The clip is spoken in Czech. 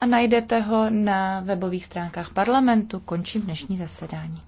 a najdete ho na webových stránkách parlamentu. Končím dnešní zasedání.